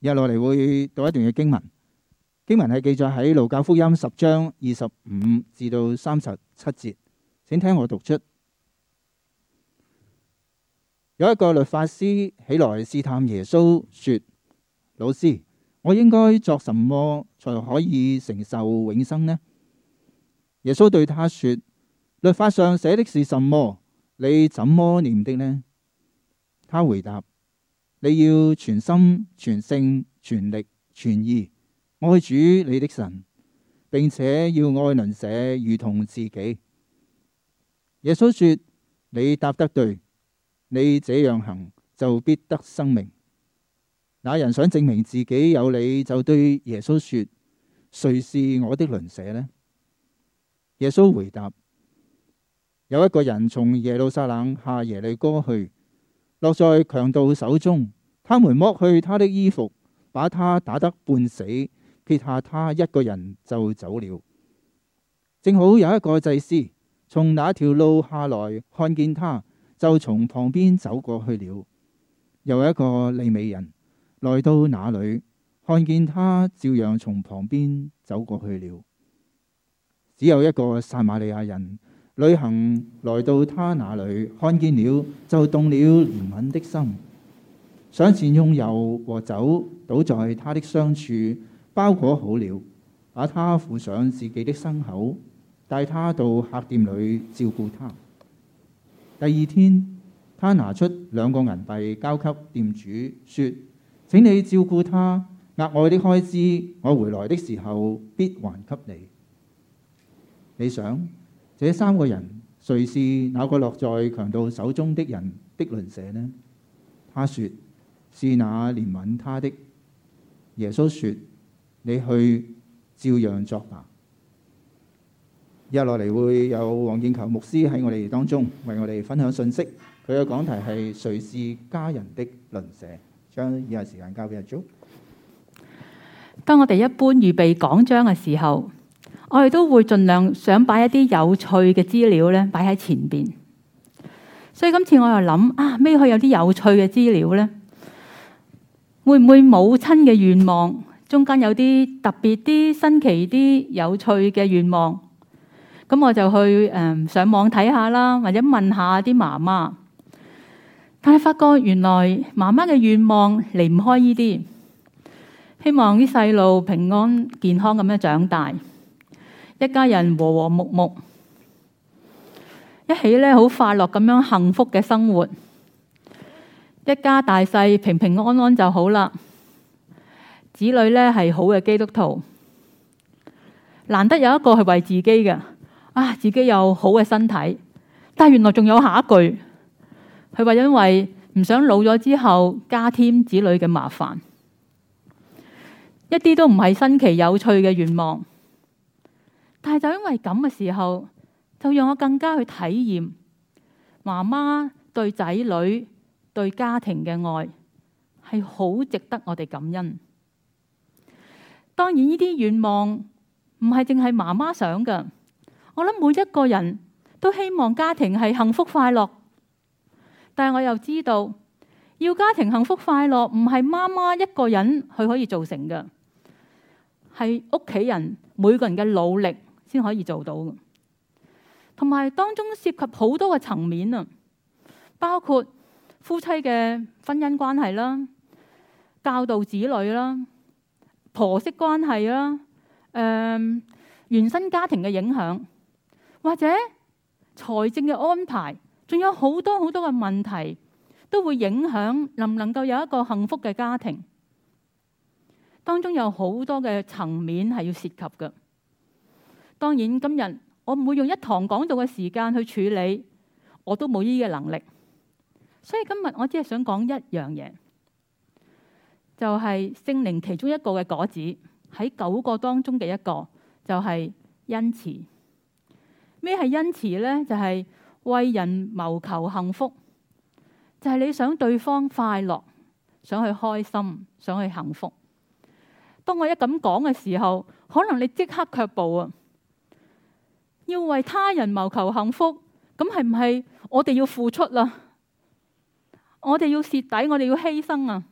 日落嚟會讀一段嘅經文，經文係記載喺路加福音十章二十五至到三十七節，請聽我讀出。有一個律法師起來試探耶穌，說：老師，我應該作什麼才可以承受永生呢？耶穌對他說：律法上寫的是什麼？你怎麼念的呢？他回答。你要全心、全性、全力、全意愛主你的神，並且要愛鄰舍如同自己。耶穌說：你答得對，你這樣行就必得生命。那人想證明自己有理，就對耶穌說：誰是我的鄰舍呢？耶穌回答：有一個人從耶路撒冷下耶利哥去。落在強盜手中，他們剝去他的衣服，把他打得半死，撇下他一個人就走了。正好有一個祭司從那條路下來，看見他就從旁邊走過去了；又有一個利未人來到那裏，看見他照樣從旁邊走過去了。只有一個撒瑪利亞人。旅行來到他那裏，看見了就動了憐憫的心，上前用油和酒，倒在他的傷處，包裹好了，把他扶上自己的牲口，帶他到客店裏照顧他。第二天，他拿出兩個銀幣交給店主，說：請你照顧他，額外的開支我回來的時候必還給你。你想，這三個人，誰是那個落在強盜手中的人的鄰舍呢？他說是那憐憫他的。耶穌說：你去照樣作吧。日落嚟會有黃建球牧師喺我哋當中為我哋分享信息。佢嘅講題係誰是家人的鄰舍。將以下時間交俾阿 Jo。當我哋一般預備講章嘅時候。我哋都會盡量想擺一啲有趣嘅資料咧，擺喺前邊。所以今次我又諗啊，咩可以有啲有趣嘅資料呢？會唔會母親嘅願望中間有啲特別啲新奇啲有趣嘅願望？咁我就去、呃、上網睇下啦，或者問下啲媽媽。但係發覺原來媽媽嘅願望離唔開呢啲，希望啲細路平安健康咁樣長大。一家人和和睦睦，一起咧好快樂咁樣幸福嘅生活，一家大細平平安安就好啦。子女咧係好嘅基督徒，難得有一個係為自己嘅，啊，自己有好嘅身體。但原來仲有下一句，佢話因為唔想老咗之後加添子女嘅麻煩，一啲都唔係新奇有趣嘅願望。但係就因為咁嘅時候，就讓我更加去體驗媽媽對仔女、對家庭嘅愛，係好值得我哋感恩。當然呢啲願望唔係淨係媽媽想㗎，我諗每一個人都希望家庭係幸福快樂。但係我又知道，要家庭幸福快樂，唔係媽媽一個人佢可以造成嘅，係屋企人每個人嘅努力。先可以做到，同埋當中涉及好多嘅層面啊，包括夫妻嘅婚姻關係啦、教導子女啦、婆媳關係啦、呃、原生家庭嘅影響，或者財政嘅安排，仲有好多好多嘅問題都會影響能唔能夠有一個幸福嘅家庭。當中有好多嘅層面係要涉及嘅。當然，今日我唔會用一堂講道嘅時間去處理，我都冇呢個能力。所以今日我只係想講一樣嘢，就係聖靈其中一個嘅果子喺九個當中嘅一個，就係恩慈。咩係恩慈呢？就係、是、為人謀求幸福，就係你想對方快樂，想去開心，想去幸福。當我一咁講嘅時候，可能你即刻卻步啊！要為他人謀求幸福，咁係唔係我哋要付出啊？我哋要蝕底，我哋要犧牲啊！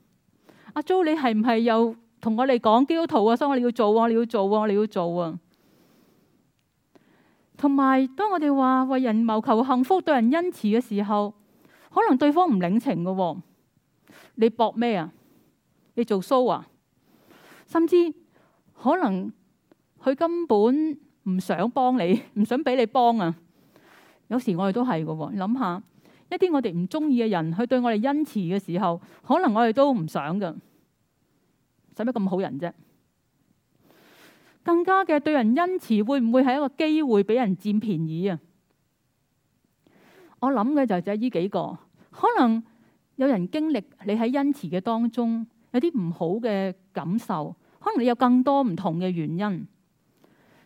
阿 Jo，你係唔係又同我哋講基督徒啊？所以我哋要做啊！你要做啊！我哋要做啊！同埋，當我哋話為人謀求幸福，對人恩慈嘅時候，可能對方唔領情㗎。你博咩啊？你做 show 啊？甚至可能佢根本。唔想幫你，唔想俾你幫啊！有時我哋都係嘅，你諗下，一啲我哋唔中意嘅人，佢對我哋恩慈嘅時候，可能我哋都唔想噶。使乜咁好人啫？更加嘅對人恩慈，會唔會係一個機會俾人佔便宜啊？我諗嘅就係呢幾個，可能有人經歷你喺恩慈嘅當中有啲唔好嘅感受，可能你有更多唔同嘅原因。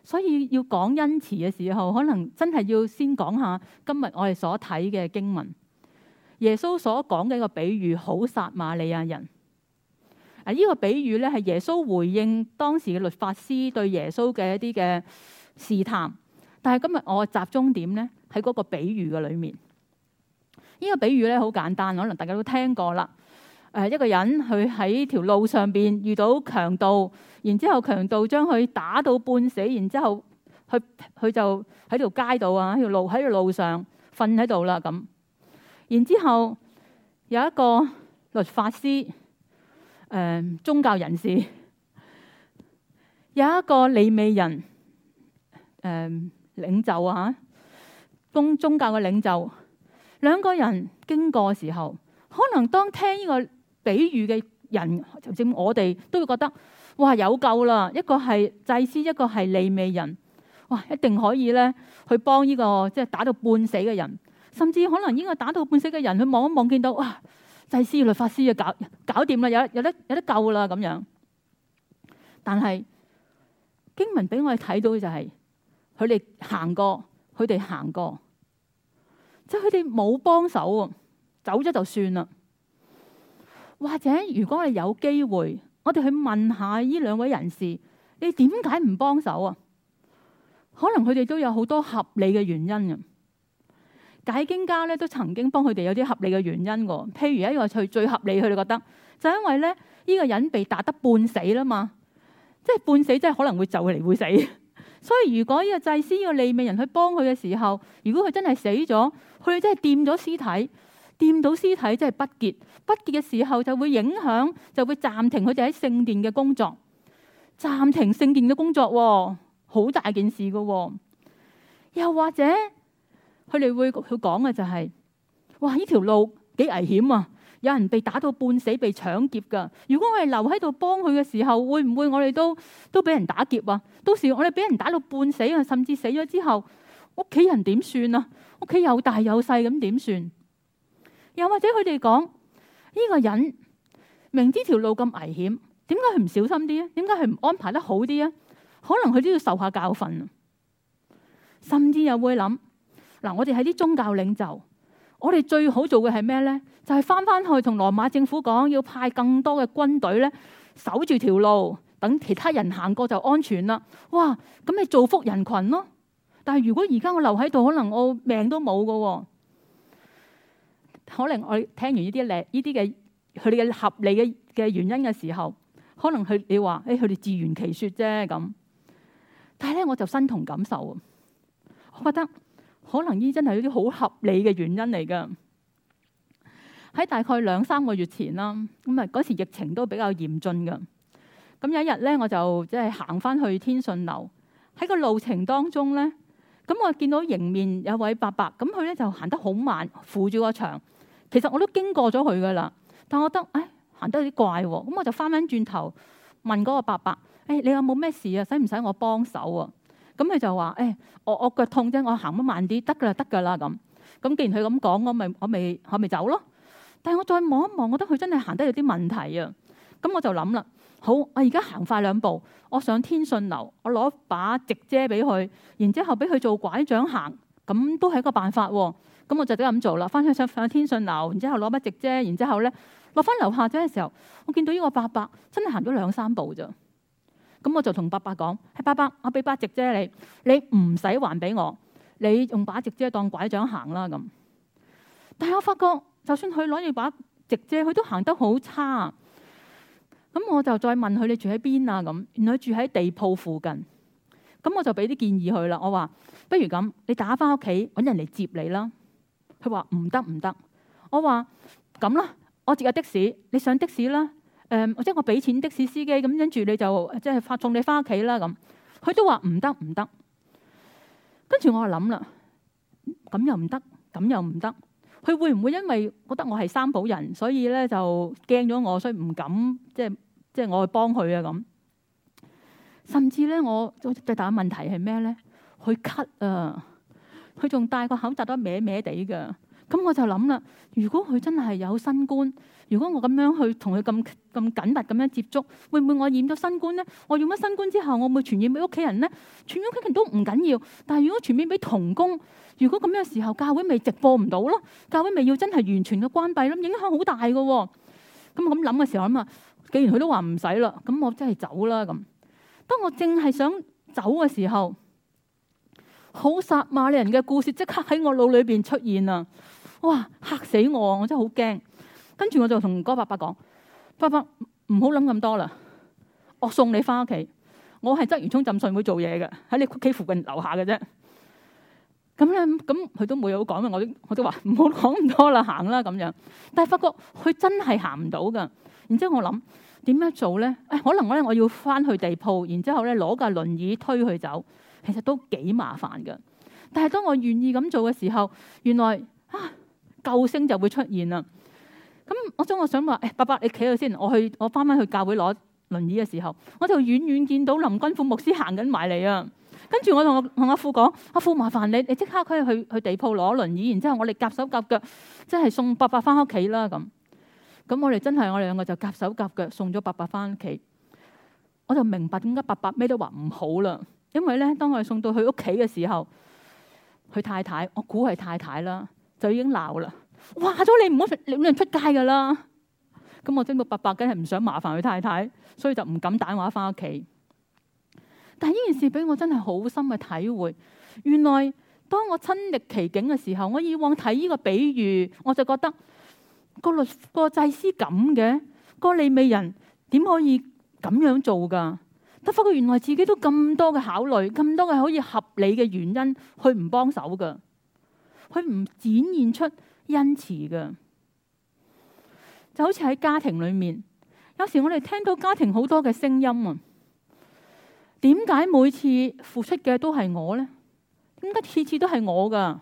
所以要講恩慈嘅時候，可能真係要先講下今日我哋所睇嘅經文。耶穌所講嘅一個比喻，好撒瑪利亞人。啊，呢個比喻咧係耶穌回應當時嘅律法師對耶穌嘅一啲嘅試探。但係今日我集中點咧喺嗰個比喻嘅裏面。呢個比喻咧好簡單，可能大家都聽過啦。誒一個人，佢喺條路上邊遇到強盜，然之後強盜將佢打到半死，然之後佢佢就喺條街度啊，喺條路喺條路上瞓喺度啦咁。然之後有一個律法師，誒、呃、宗教人士，有一個利未人，誒領袖啊，公宗教嘅領袖，兩、啊、個人經過嘅時候，可能當聽呢、這個。比喻嘅人，甚至我哋都會覺得哇，有救啦！一個係祭司，一個係利未人，哇，一定可以咧去幫呢個即係打到半死嘅人。甚至可能呢個打到半死嘅人，佢望一望見到哇，祭司、律法師啊，搞搞掂啦，有有得有得救啦咁樣。但係經文俾我哋睇到嘅就係佢哋行過，佢哋行過，即係佢哋冇幫手啊，走咗就算啦。或者如果你有機會，我哋去問下呢兩位人士，你點解唔幫手啊？可能佢哋都有好多合理嘅原因嘅。解經家咧都曾經幫佢哋有啲合理嘅原因喎。譬如一個最最合理的，佢哋覺得就係，因為咧呢個人被打得半死啦嘛，即係半死即係可能會就嚟會死。所以如果呢個祭司、呢個、利未人去幫佢嘅時候，如果佢真係死咗，佢哋真係掂咗屍體。掂到屍體，即係不潔不潔嘅時候，就會影響，就會暫停佢哋喺聖殿嘅工作，暫停聖殿嘅工作，好大件事嘅。又或者佢哋會佢講嘅就係：哇！呢條路幾危險啊！有人被打到半死，被搶劫嘅。如果我哋留喺度幫佢嘅時候，會唔會我哋都都俾人打劫啊？到時我哋俾人打到半死啊，甚至死咗之後，屋企人點算啊？屋企有大有細，咁點算？又或者佢哋講，呢個人明知條路咁危險，點解佢唔小心啲啊？點解佢唔安排得好啲啊？可能佢都要受下教訓。甚至又會諗嗱，我哋係啲宗教領袖，我哋最好做嘅係咩呢？就係翻返去同羅馬政府講，要派更多嘅軍隊咧，守住條路，等其他人行過就安全啦。哇！咁你造福人群咯。但係如果而家我留喺度，可能我命都冇㗎喎。可能我聽完呢啲咧呢啲嘅佢哋嘅合理嘅嘅原因嘅時候，可能佢你話，誒佢哋自圓其説啫咁，但係咧我就身同感受，我覺得可能呢真係一啲好合理嘅原因嚟噶。喺大概兩三個月前啦，咁啊嗰時疫情都比較嚴峻㗎，咁有一日咧我就即係行翻去天順樓，喺個路程當中咧，咁我見到迎面有位伯伯，咁佢咧就行得好慢，扶住個牆。其實我都經過咗佢㗎啦，但我覺得，誒行得有啲怪喎、啊，咁我就返返轉頭問嗰個伯伯，誒、哎、你有冇咩事啊？使唔使我幫手啊？咁佢就話，誒我我腳痛啫，我，我，我點行得慢啲得㗎啦，得㗎啦咁。咁既然佢咁講，我咪我咪我咪走咯。但係我再望一望，我覺得佢真係行得有啲問題啊。咁我就諗啦，好，我而家行快兩步，我上天信樓，我攞把直遮俾佢，然之後俾佢做拐杖行，咁都係一個辦法喎、啊。咁我就都樣咁做啦。翻去上翻去天信樓，然之後攞把直遮。然之後咧落翻樓下嘅時候，我見到呢個伯伯真係行咗兩三步咋。咁我就同伯伯講：係、hey, 伯伯，我俾把直遮，你你唔使還俾我，你用把直遮當拐杖行啦。咁，但係我發覺，就算佢攞住把直遮，佢都行得好差。咁我就再問佢：你住喺邊啊？咁原來佢住喺地鋪附近。咁我就俾啲建議佢啦。我話：不如咁，你打翻屋企揾人嚟接你啦。佢話唔得唔得，我話咁啦，我接架的士，你上的士啦，誒、嗯，即係我俾錢的士司機，咁跟住你就即係發送你翻屋企啦咁。佢都話唔得唔得，跟住我就又諗啦，咁又唔得，咁又唔得。佢會唔會因為覺得我係三寶人，所以咧就驚咗我，所以唔敢即係即係我去幫佢啊咁？甚至咧，我最大問題係咩咧？佢咳啊！佢仲戴個口罩都咩咩地㗎，咁我就諗啦。如果佢真係有新冠，如果我咁樣去同佢咁咁緊密咁樣接觸，會唔會我染咗新冠咧？我染咗新冠之後，我會傳染俾屋企人咧？傳染屋企人都唔緊要，但係如果傳染俾同工，如果咁樣嘅時候教會咪直播唔到咯？教會咪要真係完全嘅關閉咯？影響好大嘅喎。咁咁諗嘅時候，諗啊，既然佢都話唔使啦，咁我真係走啦咁。當我淨係想走嘅時候。好撒馬利亞人嘅故事即刻喺我腦裏邊出現啦！哇，吓死我，我真係好驚。跟住我就同哥伯伯講：伯伯唔好諗咁多啦，我送你翻屋企。我係鰂魚涌浸信會做嘢嘅，喺你屋企附近樓下嘅啫。咁咧，咁佢都冇有講嘅，我我都話唔好講咁多啦，行啦咁樣。但係發覺佢真係行唔到噶。然之後我諗點樣做咧？誒、哎，可能咧我要翻去地鋪，然之後咧攞架輪椅推佢走。其實都幾麻煩嘅，但係當我願意咁做嘅時候，原來啊救星就會出現啦。咁我想我想話，誒、哎、伯伯你企度先，我去我翻翻去教會攞輪椅嘅時候，我就遠遠見到林君富牧師行緊埋嚟啊。跟住我同同阿富講，阿富麻煩你，你即刻可以去去地鋪攞輪椅，然之後我哋夾手夾腳，即係送伯伯翻屋企啦。咁咁我哋真係我哋兩個就夾手夾腳送咗伯伯翻屋企，我就明白點解伯伯咩都話唔好啦。因為咧，當我哋送到佢屋企嘅時候，佢太太，我估係太太啦，就已經鬧啦，話咗你唔好亂出街噶啦。咁我整到八百梗係唔想麻煩佢太太，所以就唔敢打電話翻屋企。但係呢件事俾我真係好深嘅體會。原來當我親歷其境嘅時候，我以往睇呢個比喻，我就覺得個律、個祭司咁嘅，個利未人點可以咁樣做噶？得翻佢，原來自己都咁多嘅考慮，咁多嘅可以合理嘅原因，去唔幫手噶，佢唔展現出恩慈噶，就好似喺家庭裏面，有時我哋聽到家庭好多嘅聲音啊，點解每次付出嘅都係我呢？點解次次都係我噶？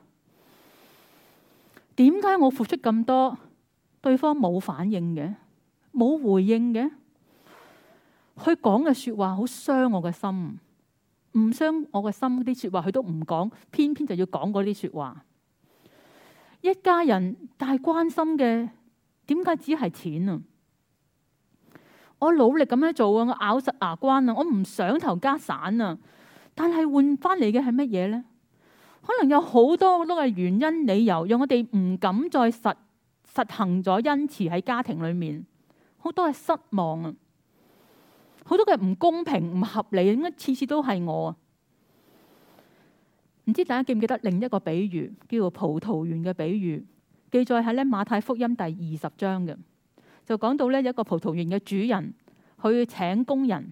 點解我付出咁多，對方冇反應嘅，冇回應嘅？佢講嘅説話好傷我嘅心，唔傷我嘅心啲説話佢都唔講，偏偏就要講嗰啲説話。一家人但係關心嘅點解只係錢啊？我努力咁樣做啊，我咬實牙關啊，我唔想頭家散啊，但係換翻嚟嘅係乜嘢呢？可能有好多好多嘅原因理由，讓我哋唔敢再實實行咗恩慈喺家庭裏面，好多係失望啊！好多嘅唔公平、唔合理，點解次次都係我啊？唔知大家記唔記得另一個比喻，叫做葡萄園嘅比喻，記載喺咧馬太福音第二十章嘅，就講到咧一個葡萄園嘅主人去請工人，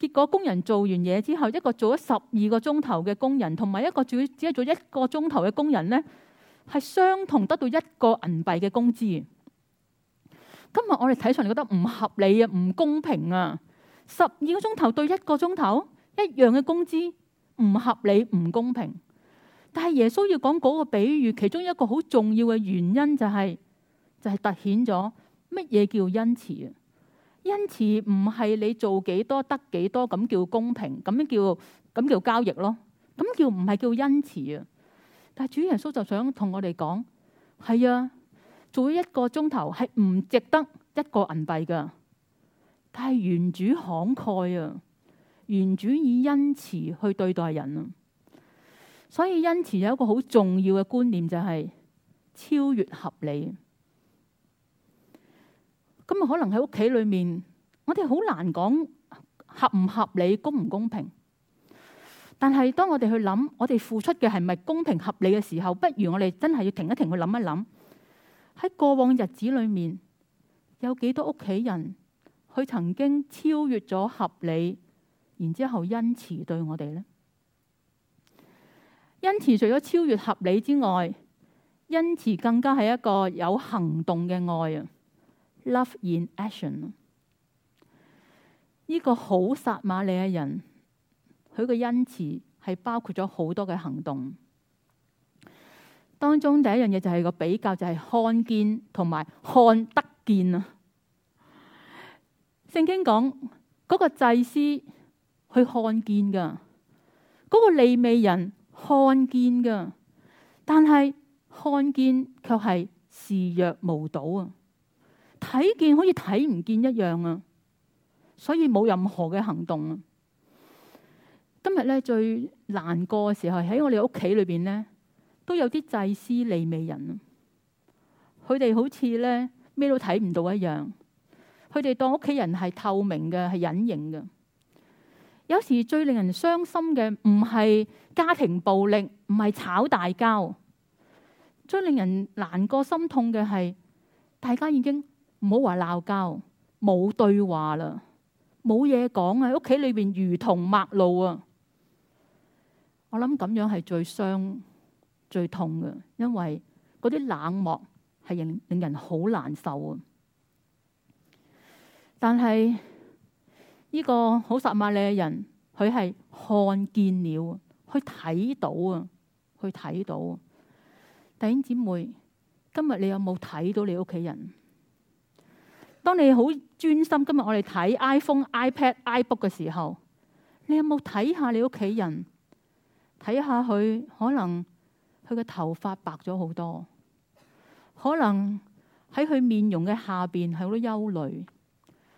結果工人做完嘢之後，一個做咗十二個鐘頭嘅工人，同埋一個做只係做一個鐘頭嘅工人咧，係相同得到一個銀幣嘅工資。今日我哋睇上嚟覺得唔合理啊，唔公平啊！十二個鐘頭對一個鐘頭，一樣嘅工資，唔合理，唔公平。但係耶穌要講嗰個比喻，其中一個好重要嘅原因就係，就係凸顯咗乜嘢叫恩賜啊？恩賜唔係你做幾多得幾多咁叫公平，咁樣叫咁叫交易咯，咁叫唔係叫恩賜啊？但係主耶穌就想同我哋講，係啊。做一個鐘頭係唔值得一個銀幣噶但係原主慷慨啊，原主以恩慈去對待人啊，所以恩慈有一個好重要嘅觀念就係超越合理。咁啊，可能喺屋企裏面，我哋好難講合唔合理、公唔公平。但係當我哋去諗，我哋付出嘅係咪公平合理嘅時候，不如我哋真係要停一停去諗一諗。喺過往日子裏面，有幾多屋企人佢曾經超越咗合理，然之後恩慈對我哋呢？恩慈除咗超越合理之外，恩慈更加係一個有行動嘅愛啊，love in action。呢、這個好撒瑪利亞人，佢嘅恩慈係包括咗好多嘅行動。當中第一樣嘢就係個比較，就係看見同埋看得見啊！聖經講嗰個祭司去看見噶，嗰、那個利未人看見噶，但係看見卻係視若無睹啊！睇見好似睇唔見一樣啊！所以冇任何嘅行動啊！今日咧最難過嘅時候喺我哋屋企裏邊咧。都有啲祭司利未人他們，佢哋好似呢咩都睇唔到一樣，佢哋當屋企人係透明嘅，係隱形嘅。有時最令人傷心嘅唔係家庭暴力，唔係炒大交，最令人難過心痛嘅係大家已經唔好話鬧交，冇對話啦，冇嘢講，喺屋企裏邊如同陌路啊。我諗咁樣係最傷。最痛嘅，因為嗰啲冷漠係令令人好難受啊。但係呢個好撒瑪利亞嘅人，佢係看見了，去睇到啊，去睇到啊。弟兄姊妹，今日你有冇睇到你屋企人？當你好專心今日我哋睇 iPhone、iPad、iBook 嘅時候，你有冇睇下你屋企人？睇下佢可能。佢嘅頭髮白咗好多，可能喺佢面容嘅下邊係好多憂慮，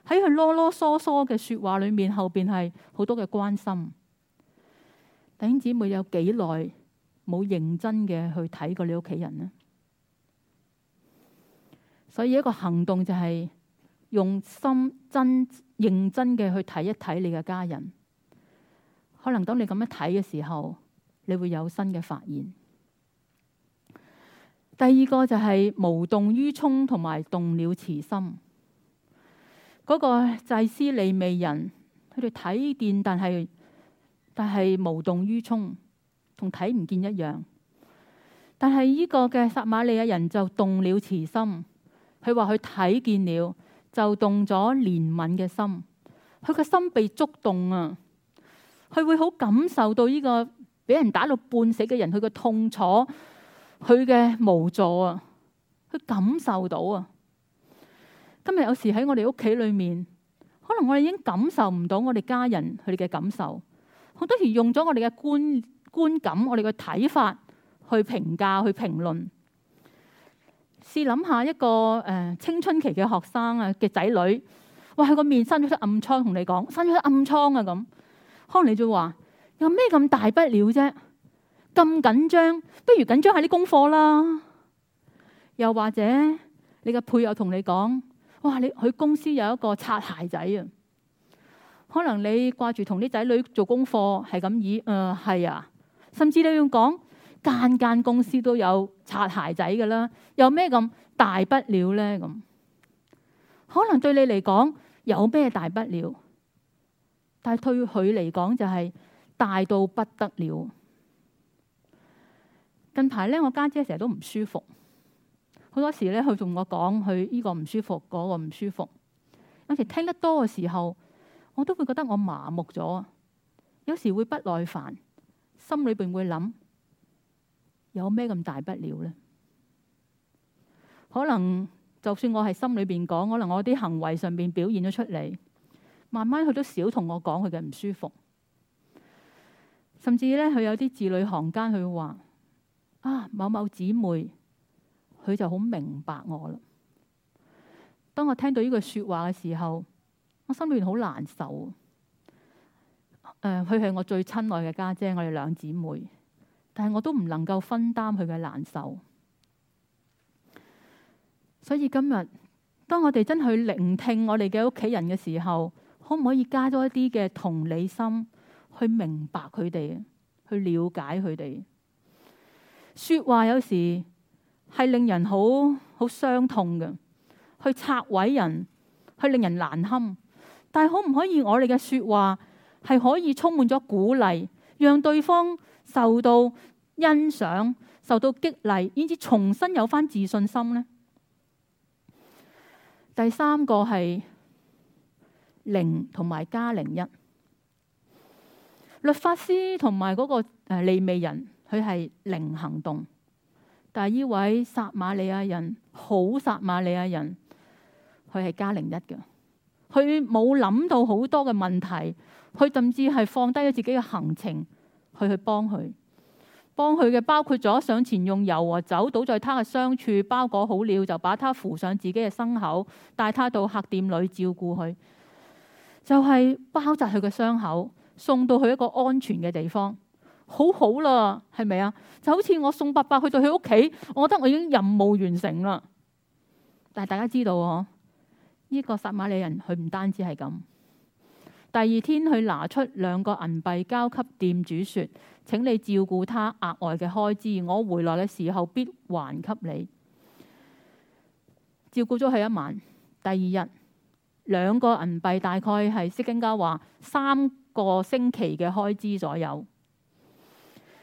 喺佢囉囉嗦嗦嘅説話裏面後邊係好多嘅關心。弟兄姊妹，有幾耐冇認真嘅去睇過你屋企人呢？所以一個行動就係用心真認真嘅去睇一睇你嘅家人，可能當你咁樣睇嘅時候，你會有新嘅發現。第二個就係無動於衷同埋動了慈心。嗰個祭司利未人，佢哋睇見，但係但係無動於衷，同睇唔見一樣。但係呢個嘅撒瑪利亞人就動了慈心，佢話佢睇見了，就動咗憐憫嘅心。佢個心被觸動啊，佢會好感受到呢個俾人打到半死嘅人，佢嘅痛楚。佢嘅無助啊，佢感受到啊。今日有時喺我哋屋企裏面，可能我哋已經感受唔到我哋家人佢哋嘅感受，好多時用咗我哋嘅觀觀感、我哋嘅睇法去評價、去評論。試諗下一個誒、呃、青春期嘅學生啊嘅仔女，哇、呃！佢個面生咗出暗瘡，同你講生咗出暗瘡啊咁，可能你就話有咩咁大不了啫。咁緊張，不如緊張下啲功課啦。又或者你嘅配偶同你講，哇，你佢公司有一個擦鞋仔啊。可能你掛住同啲仔女做功課，係咁意。誒、呃，係啊。甚至你要講間間公司都有擦鞋仔㗎啦，有咩咁大不了呢？咁可能對你嚟講有咩大不了，但係對佢嚟講就係大到不得了。近排咧，我家姐成日都唔舒服，好多時咧，佢同我講佢呢個唔舒服，嗰個唔舒服。有時聽得多嘅時候，我都會覺得我麻木咗，有時會不耐煩，心裏邊會諗有咩咁大不了呢？可能就算我係心裏邊講，可能我啲行為上邊表現咗出嚟，慢慢佢都少同我講佢嘅唔舒服，甚至咧佢有啲字裏行間佢話。啊，某某姊妹，佢就好明白我啦。當我聽到呢句說話嘅時候，我心裏邊好難受。誒、呃，佢係我最親愛嘅家姐，我哋兩姊妹，但係我都唔能夠分擔佢嘅難受。所以今日，當我哋真去聆聽我哋嘅屋企人嘅時候，可唔可以加多一啲嘅同理心，去明白佢哋，去了解佢哋？說話有時係令人好好傷痛嘅，去拆毀人，去令人難堪。但係可唔可以我哋嘅說話係可以充滿咗鼓勵，讓對方受到欣賞、受到激勵，以至重新有翻自信心呢？第三個係零同埋加零一，律法師同埋嗰個誒利未人。佢係零行動，但係呢位撒瑪利亞人好撒瑪利亞人，佢係加零一嘅，佢冇諗到好多嘅問題，佢甚至係放低咗自己嘅行程去去幫佢，幫佢嘅包括咗上前用油和酒倒在他嘅傷處，包裹好了就把他扶上自己嘅牲口，帶他到客店裏照顧佢，就係、是、包紮佢嘅傷口，送到去一個安全嘅地方。好好啦，係咪啊？就好似我送伯伯去到佢屋企，我覺得我已經任務完成啦。但係大家知道嗬，呢、這個撒瑪利亞人佢唔單止係咁。第二天佢拿出兩個銀幣交給店主說：請你照顧他額外嘅開支，我回來嘅時候必還給你。照顧咗佢一晚，第二日兩個銀幣大概係釋經家話三個星期嘅開支左右。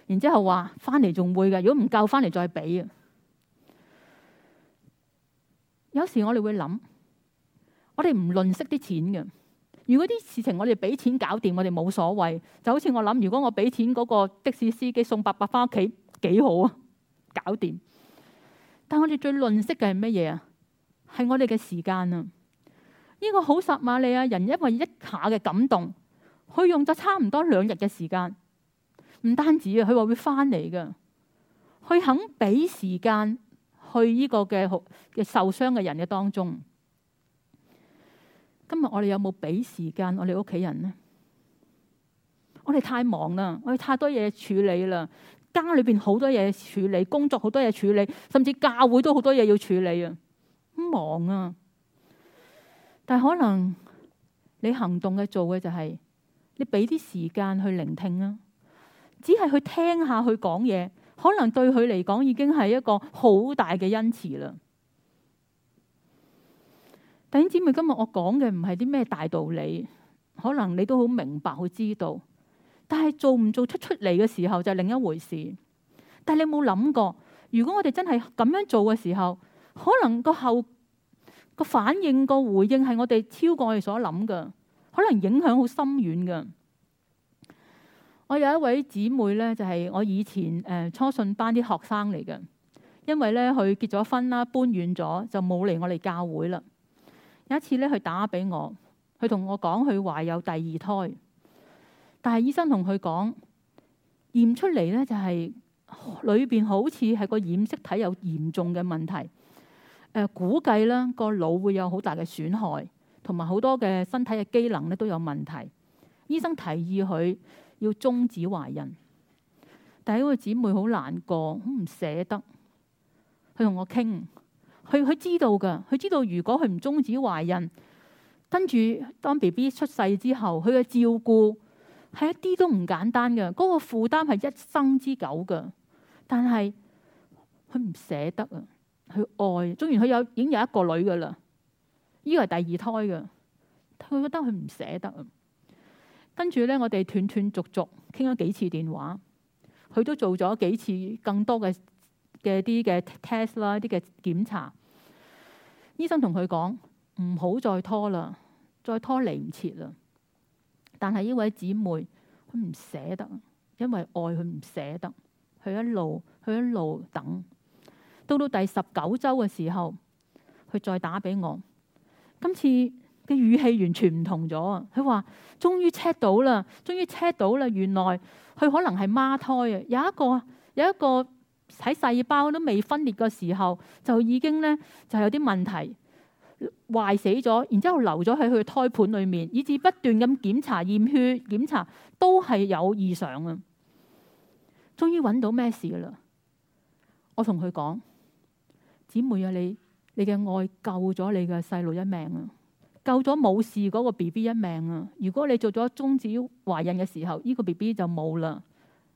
然之後話翻嚟仲會嘅，如果唔夠翻嚟再俾啊！有時我哋會諗，我哋唔吝嗇啲錢嘅。如果啲事情我哋俾錢搞掂，我哋冇所謂。就好似我諗，如果我俾錢嗰個的士司機送伯伯翻屋企，幾好啊？搞掂。但我哋最吝嗇嘅係乜嘢啊？係我哋嘅時間啊！呢、呢個好撒瑪利亞人，因為一下嘅感動，佢用咗差唔多兩日嘅時間。唔單止啊，佢話會翻嚟噶，佢肯俾時間去呢個嘅嘅受傷嘅人嘅當中。今日我哋有冇俾時間我哋屋企人呢？我哋太忙啦，我哋太多嘢處理啦，家裏邊好多嘢處理，工作好多嘢處理，甚至教會都好多嘢要處理啊，忙啊。但係可能你行動嘅做嘅就係你俾啲時間去聆聽啊。只係去聽下佢講嘢，可能對佢嚟講已經係一個好大嘅恩賜啦。弟兄姊妹，今日我講嘅唔係啲咩大道理，可能你都好明白，好知道。但係做唔做出出嚟嘅時候就係另一回事。但係你冇諗過，如果我哋真係咁樣做嘅時候，可能個後個反應個回應係我哋超過我哋所諗嘅，可能影響好深遠嘅。我有一位姊妹咧，就係、是、我以前誒、呃、初信班啲學生嚟嘅。因為咧，佢結咗婚啦，搬遠咗，就冇嚟我哋教會啦。有一次咧，佢打俾我，佢同我講，佢懷有第二胎，但係醫生同佢講，驗出嚟咧，就係、是、裏邊好似係個染色體有嚴重嘅問題，呃、估計咧個腦會有好大嘅損害，同埋好多嘅身體嘅機能咧都有問題。醫生提議佢。要終止懷孕，但係嗰個姊妹好難過，好唔捨得。佢同我傾，佢佢知道嘅，佢知道如果佢唔終止懷孕，跟住當 BB 出世之後，佢嘅照顧係一啲都唔簡單嘅，嗰個負擔係一生之久嘅。但係佢唔捨得啊，佢愛，終於佢有已經有一個女嘅啦，依個係第二胎嘅，佢覺得佢唔捨得啊。跟住咧，我哋斷斷續續傾咗幾次電話，佢都做咗幾次更多嘅嘅啲嘅 test 啦，啲嘅檢查。醫生同佢講唔好再拖啦，再拖嚟唔切啦。但係呢位姊妹佢唔捨得，因為愛佢唔捨得，佢一路佢一,一路等，到到第十九周嘅時候，佢再打俾我。今次。語氣完全唔同咗，佢話終於 check 到啦，終於 check 到啦，原來佢可能係孖胎啊！有一個，有一個喺細胞都未分裂嘅時候就已經呢，就有啲問題壞死咗，然之後留咗喺佢胎盤裏面，以至不斷咁檢查、驗血檢查都係有異常啊！終於揾到咩事啦！我同佢講，姊妹啊，你你嘅愛救咗你嘅細路一命啊！救咗冇事嗰個 B B 一命啊！如果你做咗終止懷孕嘅時候，呢個 B B 就冇啦。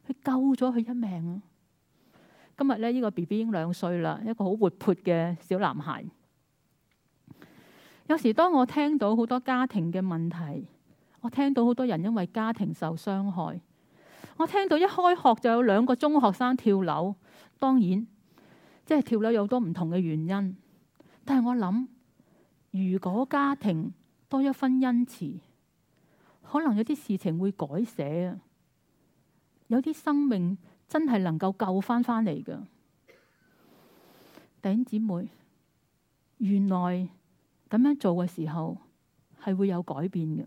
佢救咗佢一命啊！今日呢，呢個 B B 已經兩歲啦，一個好活潑嘅小男孩。有時當我聽到好多家庭嘅問題，我聽到好多人因為家庭受傷害，我聽到一開學就有兩個中學生跳樓，當然，即係跳樓有好多唔同嘅原因，但係我諗。如果家庭多一分恩慈，可能有啲事情會改寫啊！有啲生命真係能夠救翻返嚟噶弟兄姊妹，原來咁樣做嘅時候係會有改變嘅。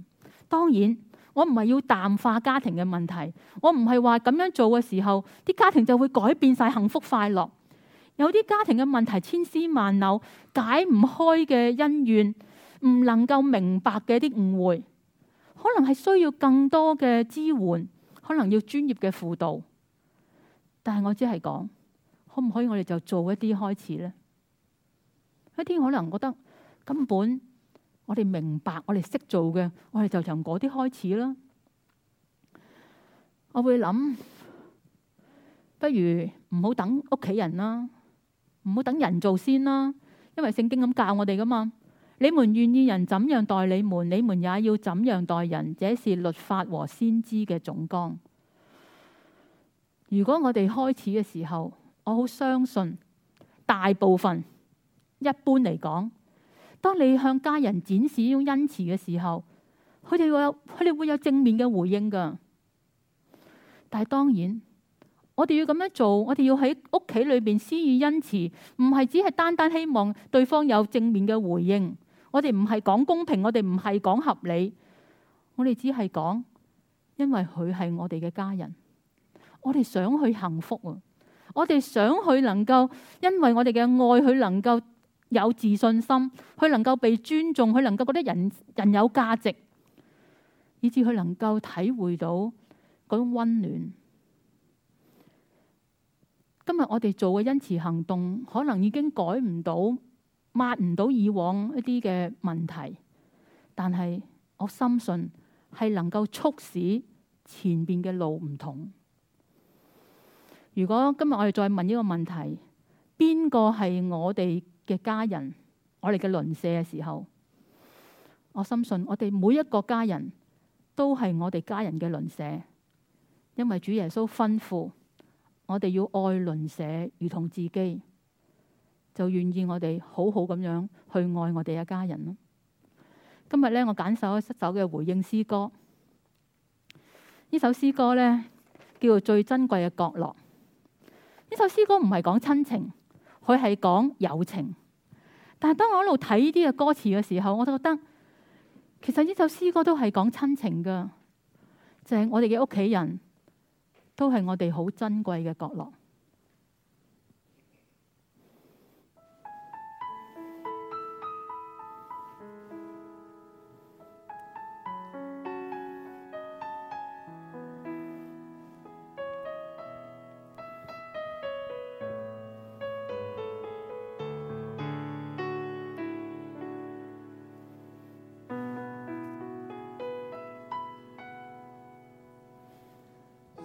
當然，我唔係要淡化家庭嘅問題，我唔係話咁樣做嘅時候，啲家庭就會改變晒幸福快樂。有啲家庭嘅問題千絲萬縷，解唔開嘅恩怨，唔能夠明白嘅一啲誤會，可能係需要更多嘅支援，可能要專業嘅輔導。但係我只係講，可唔可以我哋就做一啲開始呢？一啲可能覺得根本我哋明白，我哋識做嘅，我哋就從嗰啲開始啦。我會諗，不如唔好等屋企人啦。唔好等人做先啦，因為聖經咁教我哋噶嘛。你們願意人怎樣待你們，你們也要怎樣待人。這是律法和先知嘅總綱。如果我哋開始嘅時候，我好相信大部分一般嚟講，當你向家人展示呢種恩慈嘅時候，佢哋會有佢哋會有正面嘅回應噶。但係當然。我哋要咁樣做，我哋要喺屋企裏邊施以恩慈，唔係只係單單希望對方有正面嘅回應。我哋唔係講公平，我哋唔係講合理，我哋只係講，因為佢係我哋嘅家人，我哋想佢幸福，我哋想佢能夠，因為我哋嘅愛，佢能夠有自信心，佢能夠被尊重，佢能夠覺得人人有價值，以致佢能夠體會到嗰種溫暖。今日我哋做嘅恩慈行動，可能已經改唔到，抹唔到以往一啲嘅問題，但係我深信係能夠促使前邊嘅路唔同。如果今日我哋再問一個問題，邊個係我哋嘅家人？我哋嘅鄰舍嘅時候，我深信我哋每一個家人，都係我哋家人嘅鄰舍，因為主耶穌吩咐。我哋要愛鄰舍如同自己，就願意我哋好好咁樣去愛我哋一家人咯。今日呢，我揀咗一首，一首嘅回應詩歌。呢首詩歌呢，叫做《最珍貴嘅角落》。呢首詩歌唔係講親情，佢係講友情。但係當我一路睇呢啲嘅歌詞嘅時候，我就覺得其實呢首詩歌都係講親情㗎，就係我哋嘅屋企人。都係我哋好珍貴嘅角落。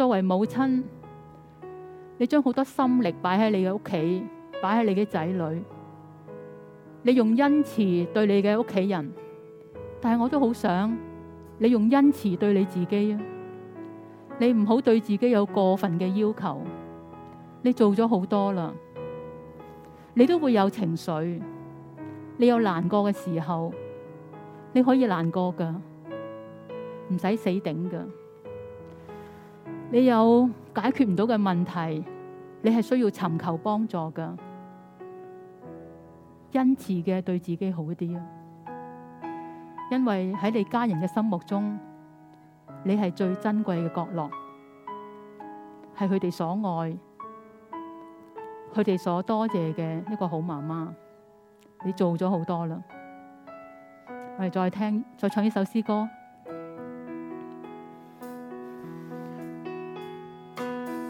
作為母親，你將好多心力擺喺你嘅屋企，擺喺你嘅仔女，你用恩慈對你嘅屋企人，但係我都好想你用恩慈對你自己啊！你唔好對自己有過分嘅要求，你做咗好多啦，你都會有情緒，你有難過嘅時候，你可以難過㗎，唔使死頂㗎。你有解決唔到嘅問題，你係需要尋求幫助嘅。因此嘅對自己好啲呀，因為喺你家人嘅心目中，你係最珍貴嘅角落，係佢哋所愛，佢哋所多謝嘅一個好媽媽。你做咗好多啦，我哋再聽，再唱一首詩歌。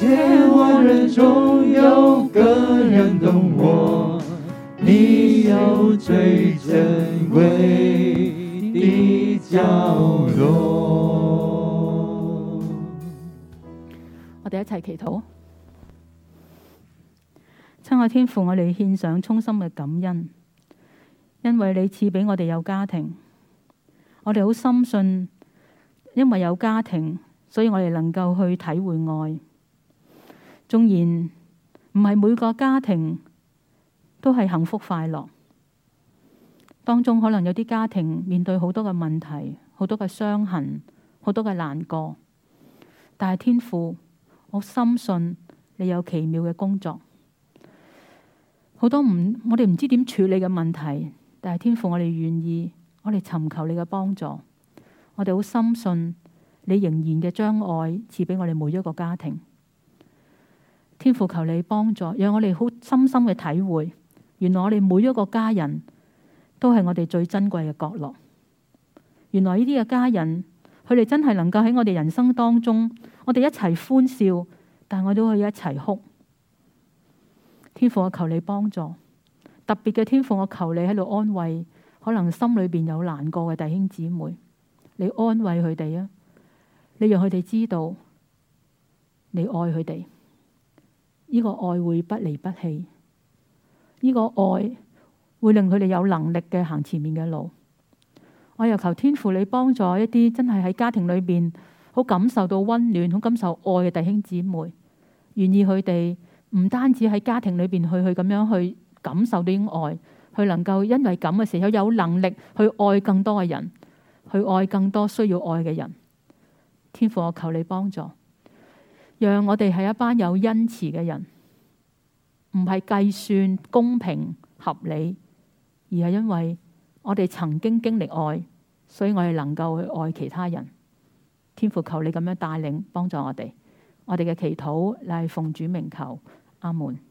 千萬人中有個人懂我，你有最珍貴的角落。我哋一齊祈禱，親愛天父，我哋獻上衷心嘅感恩，因為你賜俾我哋有家庭，我哋好深信，因為有家庭，所以我哋能夠去體會愛。縱然唔係每個家庭都係幸福快樂，當中可能有啲家庭面對好多嘅問題、好多嘅傷痕、好多嘅難過。但係天父，我深信你有奇妙嘅工作。好多唔，我哋唔知點處理嘅問題，但係天父，我哋願意，我哋尋求你嘅幫助。我哋好深信你仍然嘅將愛賜俾我哋每一個家庭。天父，求你幫助，讓我哋好深深嘅體會，原來我哋每一個家人，都係我哋最珍貴嘅角落。原來呢啲嘅家人，佢哋真係能夠喺我哋人生當中，我哋一齊歡笑，但我都可以一齊哭。天父，我求你幫助，特別嘅天父，我求你喺度安慰，可能心裏面有難過嘅弟兄姊妹，你安慰佢哋啊，你讓佢哋知道，你愛佢哋。呢個愛會不離不棄，呢個愛會令佢哋有能力嘅行前面嘅路。我又求天父你幫助一啲真係喺家庭裏邊好感受到溫暖、好感受愛嘅弟兄姊妹，願意佢哋唔單止喺家庭裏邊去去咁樣去感受到啲愛，去能夠因為咁嘅時候有能力去愛更多嘅人，去愛更多需要愛嘅人。天父，我求你幫助。讓我哋係一班有恩慈嘅人，唔係計算公平合理，而係因為我哋曾經經歷愛，所以我哋能夠去愛其他人。天父，求你咁樣帶領幫助我哋，我哋嘅祈禱乃係奉主名求，阿門。